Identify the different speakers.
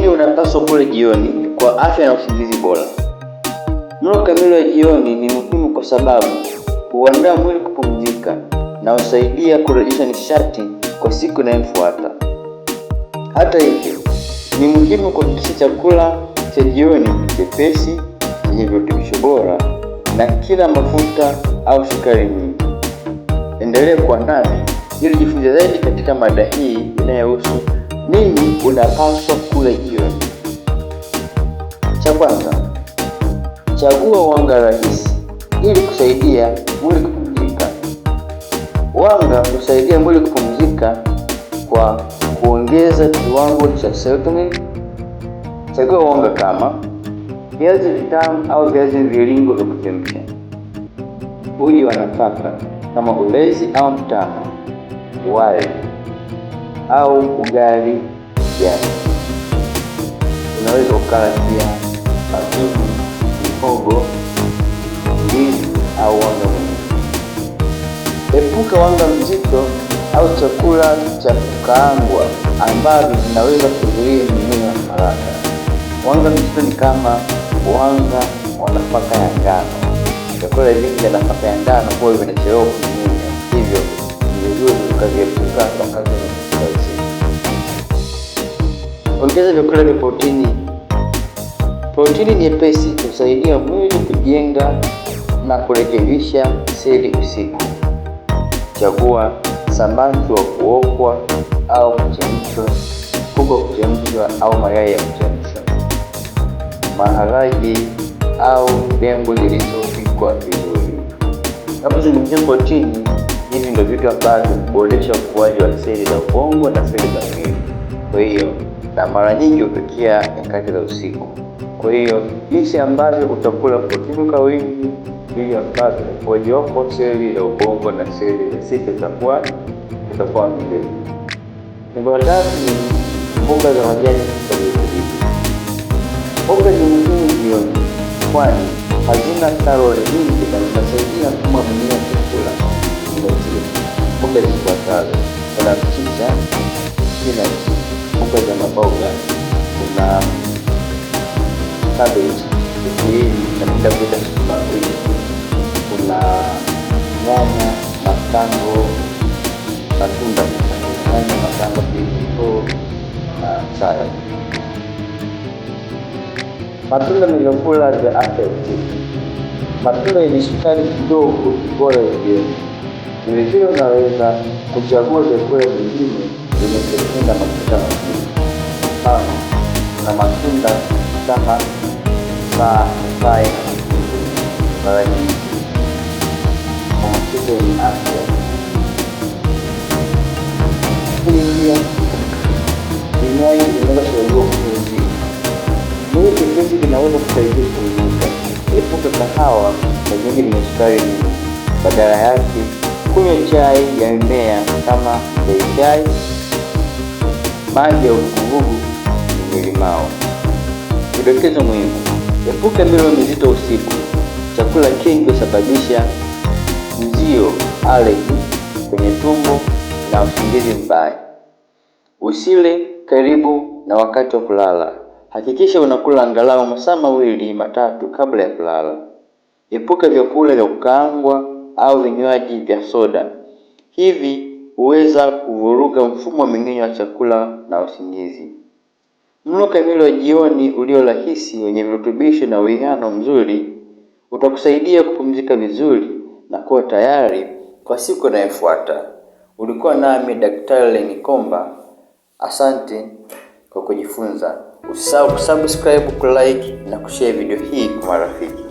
Speaker 1: nini unapaswa kula jioni kwa afya na usingizi bora? Mlo kamili wa jioni ni muhimu kwa sababu huandaa mwili kupumzika na husaidia kurejesha nishati kwa siku inayofuata. Hata hivyo, ni muhimu kuhakikisha chakula cha jioni chepesi, chenye virutubisho bora na kila mafuta au sukari nyingi. Endelee kuwa nami ili jifunze zaidi katika mada hii inayohusu nini unapaswa kula jioni? Cha kwanza, chagua wanga rahisi ili kusaidia mwili kupumzika. Wanga husaidia mwili kupumzika kwa kuongeza kiwango cha serotonin. Chagua wanga kama viazi vitamu au viazi mviringo vya kuchemsha, uji wa nafaka kama ulezi au mtama, wali au ugali jani. Unaweza ukala pia pazuku, mihogo, ndizi au wanga mwingine. Epuka wanga mzito au chakula cha kukaangwa ambavyo vinaweza kuzuia mmeng'enyo wa Wanga mzito ni kama wanga wa nafaka ya ngano. Vyakula vingi vya nafaka ya ngano huwa vinachelewa kumeng'enya, hivyo ni vizuri ukaviepuka wakati Ongeza vyakula vya protini. Protini nyepesi husaidia mwili kujenga na kurekebisha seli usiku. Chagua samaki wa kuokwa au kuchemshwa, kuku wa kuchemshwa au mayai ya kuchemshwa, maharage au dengu zilizopikwa vizuri. Tunapozungumzia protini, hivi ndio vitu ambavyo huboresha ukuaji wa seli za ubongo na seli za mwili. Kwa hiyo na mara nyingi hutokea nyakati za usiku. Kwa hiyo jinsi ambavyo utakula protini kwa wingi ili ambavyo ukuaji wako seli ya ubongo na seli ya sita itakuwa itakuwa mbele. Namba tatu ni mboga za majani. Mboga ni muhimu jioni, kwani hazina kalori nyingi na zinasaidia kumeng'enya chakula. Mboga zifuatazo: parachichi, spinachi mboga za maboga, kuna cabbage, napenda kuita sukuma wiki, kuna nyanya, matango, matunda, nyanya, matango, pilipili na chai. Matunda niliyokula the affective, matunda yenye sukari kidogo bora, vile vile unaweza kuchagua vyakula vingine yenye matunda makutano na matunda kama saa papai parachichi na matunda yenye afya. Lakini hiyo vinywaji vinaweza kusaidia kupumzika mwili. Kinywaji vinaweza kusaidia kupumzika. Epuka kahawa na vingi vyenye sukari nyingi. Badala yake kunywa chai ya mimea kama bei chai maji ya uvuguvugu yenye limao. Kidokezo muhimu: epuka milo mizito usiku. Chakula kingi husababisha mzio, allergy kwenye tumbo na usingizi mbaya. Usile karibu na wakati wa kulala. Hakikisha unakula angalau masaa mawili matatu kabla ya kulala. Epuka vyakula vya kukaangwa au vinywaji vya soda hivi huweza kuvuruga mfumo wa mmeng'enyo wa chakula na usingizi. Mlo kamili wa jioni ulio rahisi wenye virutubisho na uwiano mzuri utakusaidia kupumzika vizuri na kuwa tayari kwa siku inayofuata. Ulikuwa nami Daktari Lenikomba, asante kwa kujifunza. Usisahau kusubscribe, kulike na kushare video hii kwa marafiki.